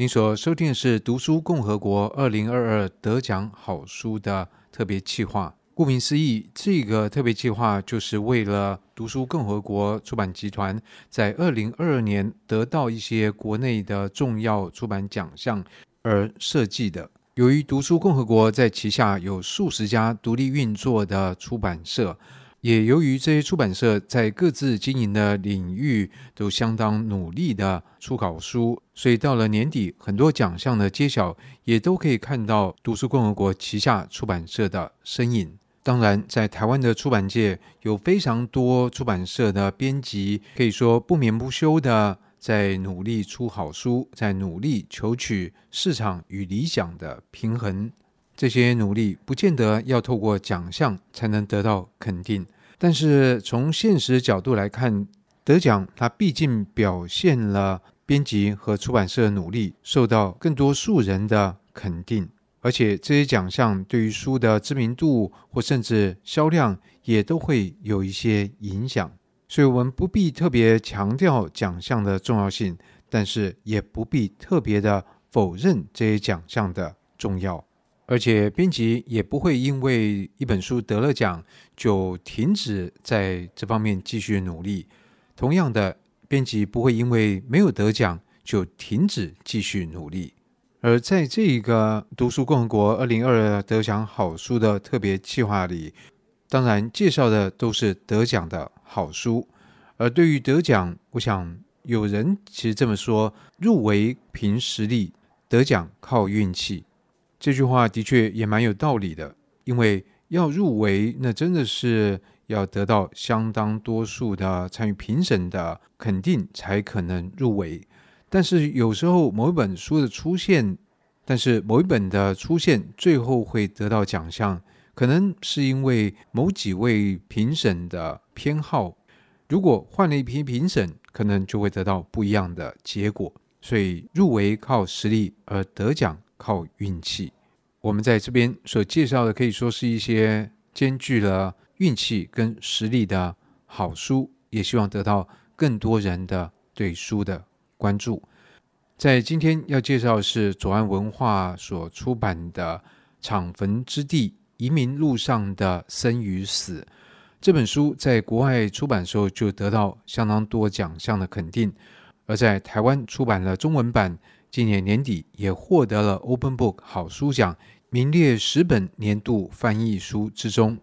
您所收聽的是《讀書共和國》二零二二得獎好書的特別企劃。顧名思義，這個特別企劃就是為了《讀書共和國》出版集團在二零二二年得到一些國內的重要出版獎項而設計的。由於《讀書共和國》在旗下有數十家獨立運作的出版社。也由於這些出版社在各自經營的領域都相當努力的出好書，所以到了年底，很多獎項的揭曉也都可以看到讀書共和國旗下出版社的身影。當然，在台灣的出版界，有非常多出版社的編輯可以說不眠不休的在努力出好書，在努力求取市場與理想的平衡。這些努力不見得要透過獎項才能得到肯定，但是從現實角度來看，得獎它畢竟表現了編輯和出版社的努力，受到更多數人的肯定，而且這些獎項對於書的知名度或甚至銷量也都會有一些影響。所以，我們不必特別強調獎項的重要性，但是也不必特別的否認這些獎項的重要。而且編輯也不會因為一本書得了獎就停止在這方面繼續努力。同樣的，編輯不會因為沒有得獎就停止繼續努力。而在這個“讀書共和國”二零二二得獎好書的特別企劃裡，當然介紹的都是得獎的好書。而對於得獎，我想有人其實這麼說：入圍憑實力，得獎靠運氣。這句話的確也蠻有道理的，因為要入圍，那真的是要得到相當多數的參與評審的肯定才可能入圍。但是有時候某一本書的出現，但是某一本的出現最後會得到獎項，可能是因為某幾位評審的偏好。如果換了一批評審，可能就會得到不一樣的結果。所以入圍靠實力而得獎。靠運氣，我們在這邊所介紹的可以說是一些兼具了運氣跟實力的好書，也希望得到更多人的對書的關注。在今天要介紹的是左岸文化所出版的《敞墳之地：移民路上的生與死》這本書，在國外出版的時候就得到相當多獎項的肯定，而在台灣出版了中文版。今年年底也獲得了 Open Book 好書獎，名列十本年度翻譯書之中。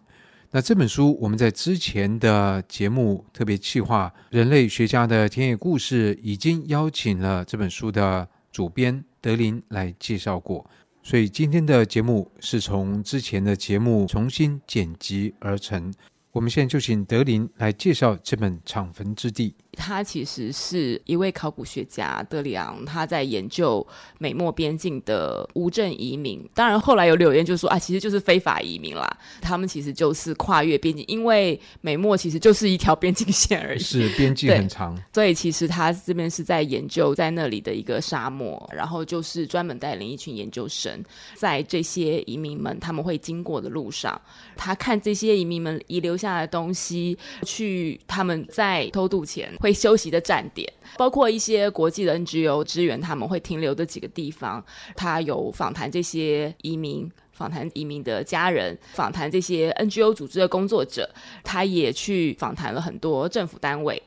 那這本書我們在之前的節目特別企劃《人類學家的田野故事》，已經邀請了這本書的主編德齡來介紹過。所以今天的節目是從之前的節目重新剪輯而成。我們現在就請德齡來介紹這本《敞墳之地》。他其實是一位考古學家，德里昂，他在研究美墨邊境的無證移民。當然後來有留言就說啊，其實就是非法移民啦。他們其實就是跨越邊境，因為美墨其實就是一條邊境線而已。是，邊境很長。所以其實他這邊是在研究在那裡的一個沙漠，然後就是專門帶領一群研究生在這些移民們他們會經過的路上，他看這些移民們遺留下的東西，去他們在偷渡前。被休息的站點，包括一些國際的 NGO 支援，他們會停留的幾個地方。他有訪談這些移民，訪談移民的家人，訪談這些 NGO 組織的工作者。他也去訪談了很多政府單位。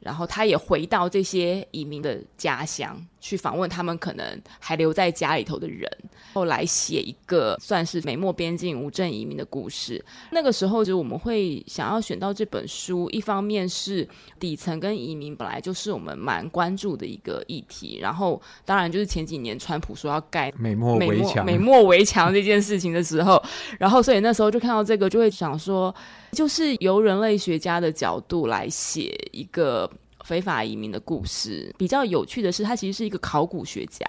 然後他也回到這些移民的家鄉去訪問他們可能還留在家裡頭的人，後來寫一個算是美墨邊境無證移民的故事。那個時候就我們會想要選到這本書，一方面是底層跟移民本來就是我們蠻關注的一個議題，然後當然就是前幾年川普說要蓋美墨、美墨圍牆、美墨圍牆這件事情的時候，然後所以那時候就看到這個就會想說。就是由人類學家的角度來寫一個非法移民的故事。比較有趣的是，他其實是一個考古學家。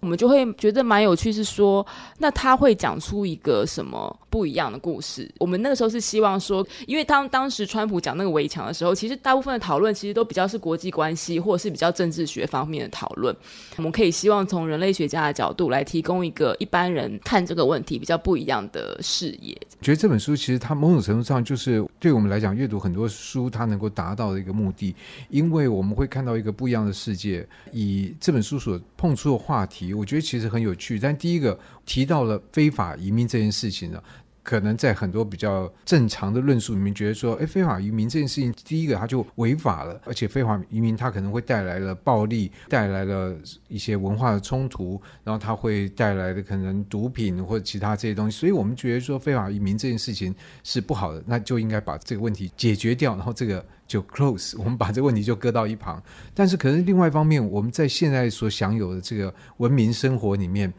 我們就會覺得蠻有趣，是說，那他會講出一個什麼不一樣的故事？我們那個時候是希望說，因為當當時川普講那個圍牆的時候，其實大部分的討論其實都比較是國際關係或者是比較政治學方面的討論。我們可以希望從人類學家的角度來提供一個一般人看這個問題比較不一樣的視野。覺得這本書其實它某種程度上就是對我們來講閱讀很多書它能夠達到的一個目的，因為我們會看到一個不一樣的世界，以這本書所碰觸的話題。我覺得其實很有趣，但第一個提到了非法移民這件事情呢。可能在很多比較正常的論述裡面，覺得說，誒，非法移民這件事情，第一個它就違法了，而且非法移民它可能會帶來了暴力，帶來了一些文化的衝突，然後它會帶來的可能毒品或者其他這些東西，所以我們覺得說非法移民這件事情是不好的，那就應該把這個問題解決掉，然後這個就 close，我們把這個問題就擱到一旁。但是可能另外一方面，我們在現在所享有的這個文明生活裡面，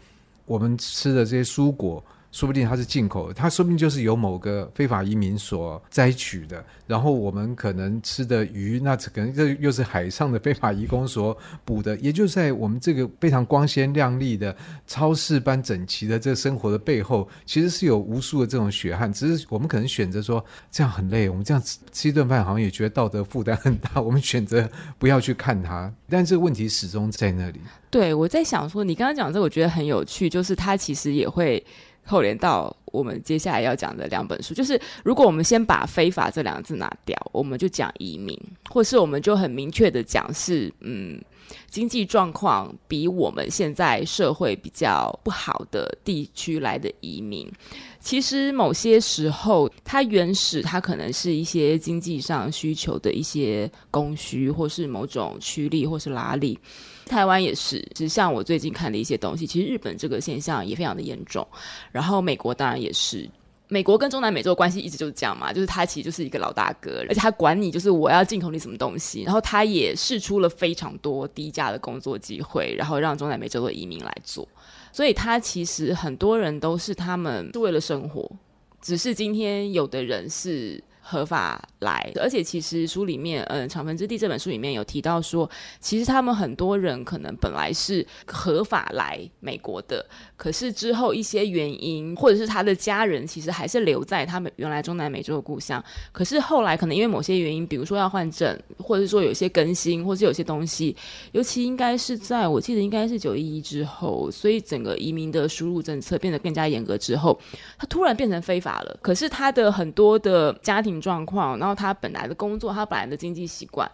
我們吃的這些蔬果。說不定它是進口的，它說不定就是由某個非法移民所摘取的。然後我們可能吃的魚，那可能這又是海上的非法移工所捕的。也就是在我們這個非常光鮮亮麗的超市般整齊的這個生活的背後，其實是有無數的這種血汗。只是我們可能選擇說這樣很累，我們這樣吃吃一頓飯好像也覺得道德負擔很大，我們選擇不要去看它。但這個問題始終在那裡。對，我在想說，你剛剛講的這，我覺得很有趣，就是它其實也會。扣連到我們接下來要講的兩本書，就是如果我們先把“非法”這兩個字拿掉，我們就講移民，或是我們就很明確的講是，嗯。經濟狀況比我們現在社會比較不好的地區來的移民，其實某些時候它原始它可能是一些經濟上需求的一些供需，或是某種驅力或是拉力。台灣也是，其實像我最近看的一些東西，其實日本這個現象也非常的嚴重，然後美國當然也是。美國跟中南美洲的關係一直就是這樣嘛，就是他其實就是一個老大哥，而且他管你就是我要進口你什麼東西，然後他也釋出了非常多低價的工作機會，然後讓中南美洲的移民來做，所以他其實很多人都是他們是為了生活，只是今天有的人是。合法來，而且其實書裡面，嗯、呃，《敞墳之地》這本書裡面有提到說，其實他們很多人可能本來是合法來美國的，可是之後一些原因，或者是他的家人，其實還是留在他們原來中南美洲的故鄉。可是後來可能因為某些原因，比如說要換證，或者是說有些更新，或者是有些東西，尤其應該是在我記得應該是九一一之後，所以整個移民的輸入政策變得更加嚴格之後，他突然變成非法了。可是他的很多的家庭狀況，然後他本來的工作，他本來的經濟習慣，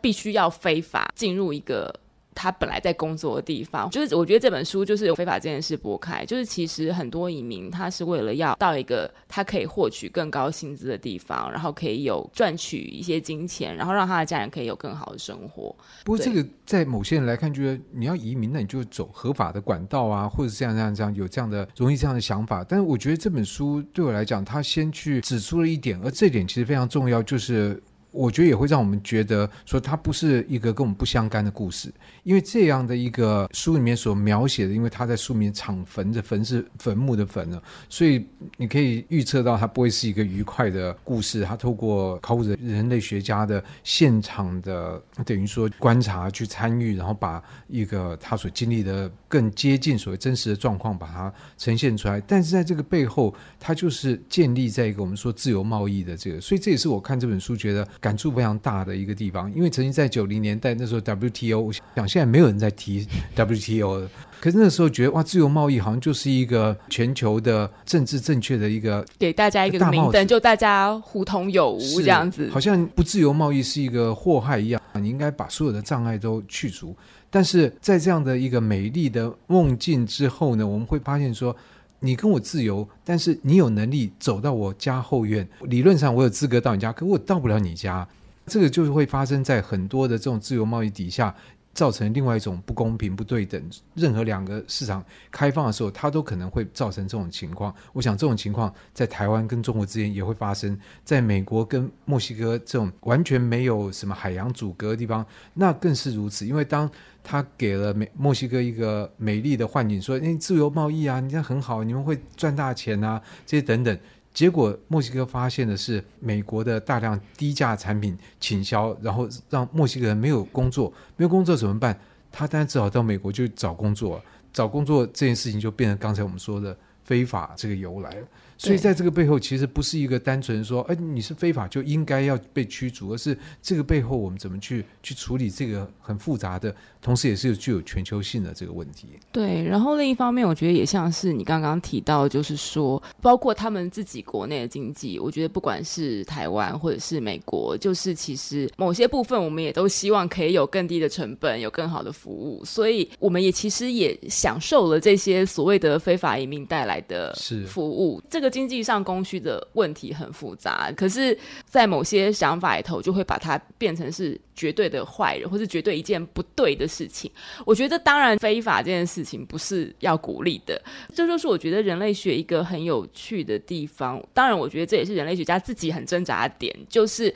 必須要非法進入一個。他本來在工作的地方，就是我覺得這本書就是有非法這件事撥開，就是其實很多移民他是為了要到一個他可以獲取更高薪資的地方，然後可以有賺取一些金錢，然後讓他的家人可以有更好的生活。不過這個在某些人來看，覺得你要移民那你就走合法的管道啊，或者是這樣這樣這樣有這樣的容易這樣的想法。但是我覺得這本書對我來講，他先去指出了一點，而這一點其實非常重要，就是。我覺得也會讓我們覺得說，它不是一個跟我們不相干的故事，因為這樣的一個書裡面所描寫的，因為他在書裡面敞墳的墳是墳墓的墳呢，所以你可以預測到他不會是一個愉快的故事。他透過考古人人類學家的現場的等於說觀察去參與，然後把一個他所經歷的更接近所謂真實的狀況，把它呈現出來。但是在這個背後，它就是建立在一個我們說自由貿易的這個，所以這也是我看這本書覺得。感觸非常大的一個地方，因為曾經在九零年代那時候 WTO，我想現在沒有人在提 WTO 了。可是那時候覺得哇，自由貿易好像就是一個全球的政治正確的一個，給大家一個名字，就大家互通有無是這樣子，好像不自由貿易是一個禍害一樣，你應該把所有的障礙都去除。但是在這樣的一個美麗的夢境之後呢，我們會發現說。你跟我自由，但是你有能力走到我家後院，理論上我有資格到你家，可我到不了你家，這個就是會發生在很多的這種自由貿易底下。造成另外一種不公平、不對等。任何兩個市場開放的時候，它都可能會造成這種情況。我想，這種情況在台灣跟中國之間也會發生，在美國跟墨西哥這種完全沒有什麼海洋阻隔的地方，那更是如此。因為當他給了美墨西哥一個美麗的幻景，說“你、哎、自由貿易啊，你這很好，你們會賺大錢啊”這些等等。結果，墨西哥發現的是美國的大量低價產品傾銷，然後讓墨西哥人沒有工作，沒有工作怎麼辦？他當然只好到美國就找工作，找工作這件事情就變成剛才我們說的非法這個由來了。所以，在這個背後，其實不是一個單純說，哎，你是非法就應該要被驅逐，而是這個背後我們怎麼去去處理這個很複雜的，同時也是具有全球性的這個問題。對，然後另一方面，我覺得也像是你剛剛提到，就是說，包括他們自己國內的經濟，我覺得不管是台灣或者是美國，就是其實某些部分，我們也都希望可以有更低的成本，有更好的服務，所以我們也其實也享受了這些所謂的非法移民帶來的服務。是這個。經濟上供需的問題很複雜，可是，在某些想法裡頭，就會把它變成是絕對的壞人，或是絕對一件不對的事情。我覺得，當然，非法這件事情不是要鼓勵的。這就是我覺得人類學一個很有趣的地方。當然，我覺得這也是人類學家自己很掙扎的點，就是。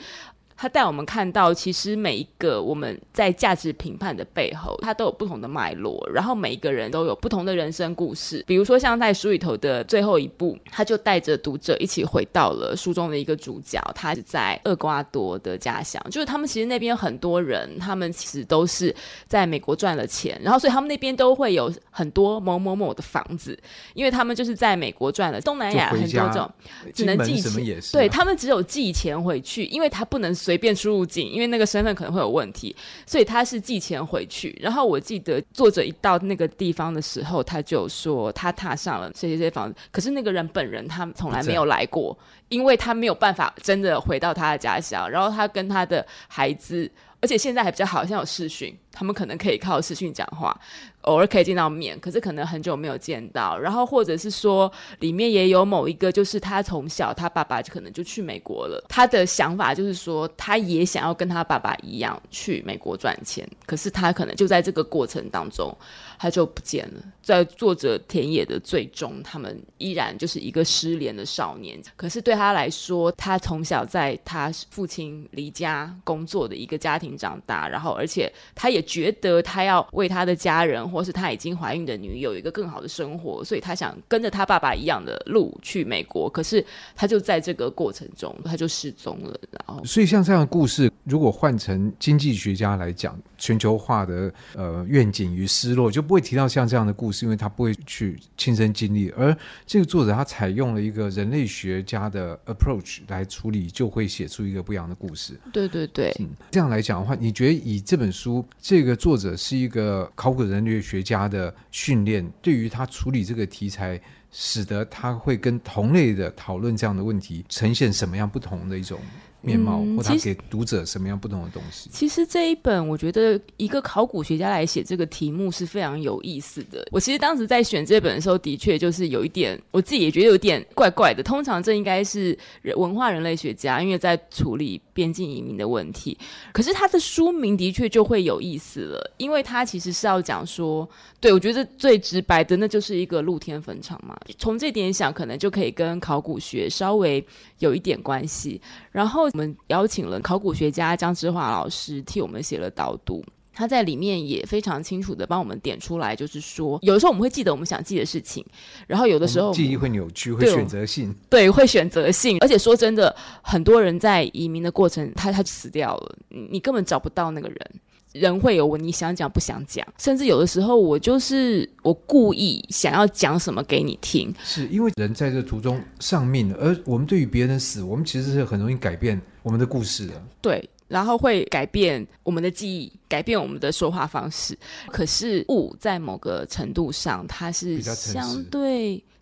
他帶我們看到，其實每一個我們在價值評判的背後，它都有不同的脈絡，然後每一個人都有不同的人生故事。比如說，像在書裡頭的最後一部，他就帶着讀者一起回到了書中的一個主角，他是在厄瓜多的家鄉，就是他們其實那邊很多人，他們其實都是在美國賺了錢，然後所以他們那邊都會有很多某某某的房子，因為他們就是在美國賺了東南亞很多種，只能寄錢，啊、對他們只有寄錢回去，因為他不能隨。隨便出入境，因為那個身份可能會有問題，所以他是寄錢回去。然後我記得作者一到那個地方的時候，他就說他踏上了這些房子，可是那個人本人他從來沒有來過，因為他沒有辦法真的回到他的家鄉。然後他跟他的孩子，而且現在還比較好，像有視訊。他們可能可以靠視訊講話，偶爾可以見到面，可是可能很久沒有見到。然後或者是說，裡面也有某一個，就是他從小他爸爸就可能就去美國了。他的想法就是說，他也想要跟他爸爸一樣去美國賺錢。可是他可能就在這個過程當中，他就不見了。在作者田野的最終，他們依然就是一個失聯的少年。可是對他來說，他從小在他父親離家工作的一個家庭長大，然後而且他也。覺得他要為他的家人，或是他已經懷孕的女友一個更好的生活，所以他想跟着他爸爸一樣的路去美國。可是他就在這個過程中，他就失蹤了。然後，所以像這樣的故事，如果換成經濟學家來講，全球化的呃願景與失落，就不會提到像這樣的故事，因為他不會去親身經歷。而這個作者他採用了一個人類學家的 approach 來處理，就會寫出一個不一樣的故事。對對對，嗯，這樣來講的話，你覺得以這本書？這個作者是一個考古人類學家的訓練，對於他處理這個題材，使得他會跟同類的討論這樣的問題，呈現什麼樣不同的一種？面貌，或他給讀者什麼樣不同的東西？嗯，其實，其實這一本，我覺得一個考古學家來寫這個題目是非常有意思的。我其實當時在選這本的時候，的確就是有一點，我自己也覺得有點怪怪的。通常這應該是人文化人類學家，因為在處理邊境移民的問題。可是他的書名的確就會有意思了，因為他其實是要講說，對，我覺得最直白的，那就是一個露天墳場嘛。從這點想，可能就可以跟考古學稍微有一點關係。然後。我們邀請了考古學家江芝華老師替我們寫了導讀，他在裡面也非常清楚地幫我們點出來，就是說有的時候我們會記得我們想記的事情，然後有的時候記憶會扭曲，對會選擇性，對，會選擇性。而且說真的，很多人在移民的過程，他他就死掉了，你根本找不到那個人。人會有我，你想講不想講，甚至有的時候我就是我故意想要講什麼給你聽。是因為人在這途中喪命，嗯、而我們對於別人的死，我們其實是很容易改變我們的故事的。對，然後會改變我們的記憶，改變我們的說話方式。可是物在某個程度上，它是相對比較誠實，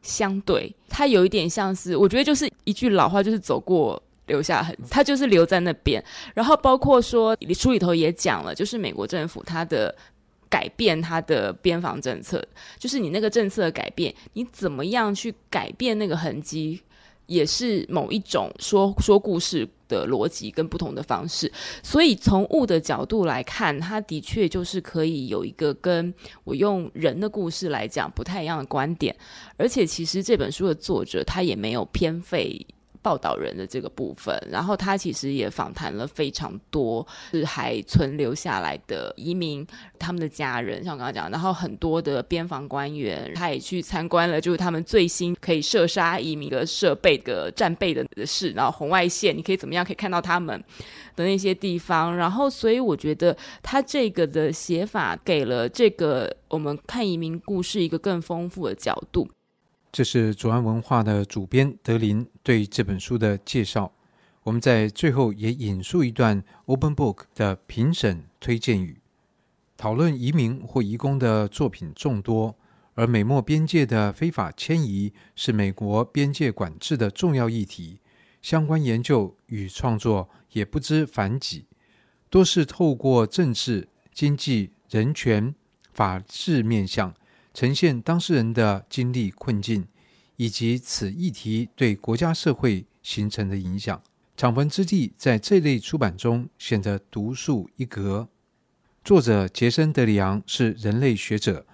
相對，它有一點像是，我覺得就是一句老話，就是走過。留下痕跡，他就是留在那邊。然後包括說，書裡頭也講了，就是美國政府它的改變，它的邊防政策，就是你那個政策的改變，你怎麼樣去改變那個痕跡，也是某一種說說故事的邏輯跟不同的方式。所以從物的角度來看，它的確就是可以有一個跟我用人的故事來講不太一樣的觀點。而且其實這本書的作者他也沒有偏廢。報導人的這個部分，然後他其實也訪談了非常多，是還存留下來的移民他們的家人，像我剛剛講，然後很多的邊防官員，他也去參觀了，就是他們最新可以射殺移民的設備的戰備的事，然後紅外線你可以怎麼樣可以看到他們的那些地方，然後所以我覺得他這個的寫法給了這個我們看移民故事一個更豐富的角度。這是左岸文化的主編德齡對這本書的介紹。我們在最後也引述一段 Open Book 的評審推薦語：討論移民或移工的作品眾多，而美墨邊界的非法遷移是美國邊界管制的重要議題，相關研究與創作也不知凡幾，多是透過政治、經濟、人權、法治面向。呈現當事人的經歷困境，以及此議題對國家社會形成的影響。《敞墳之地》在這類出版中顯得獨樹一格。作者傑森·德里昂是人類學者，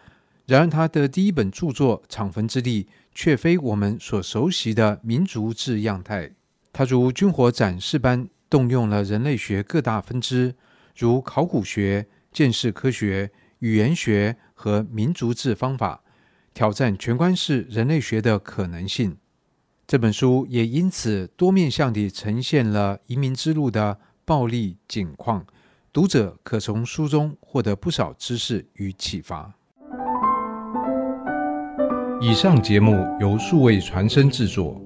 然而他的第一本著作《敞墳之地》卻非我們所熟悉的民族誌樣態。他如軍火展示般，動用了人類學各大分支，如考古學、鑑識科學。語言學和民族誌方法，挑戰全觀式人類學的可能性。這本書也因此多面向地呈現了移民之路的暴力景況，讀者可從書中獲得不少知識與啟發。以上節目由數位傳聲製作。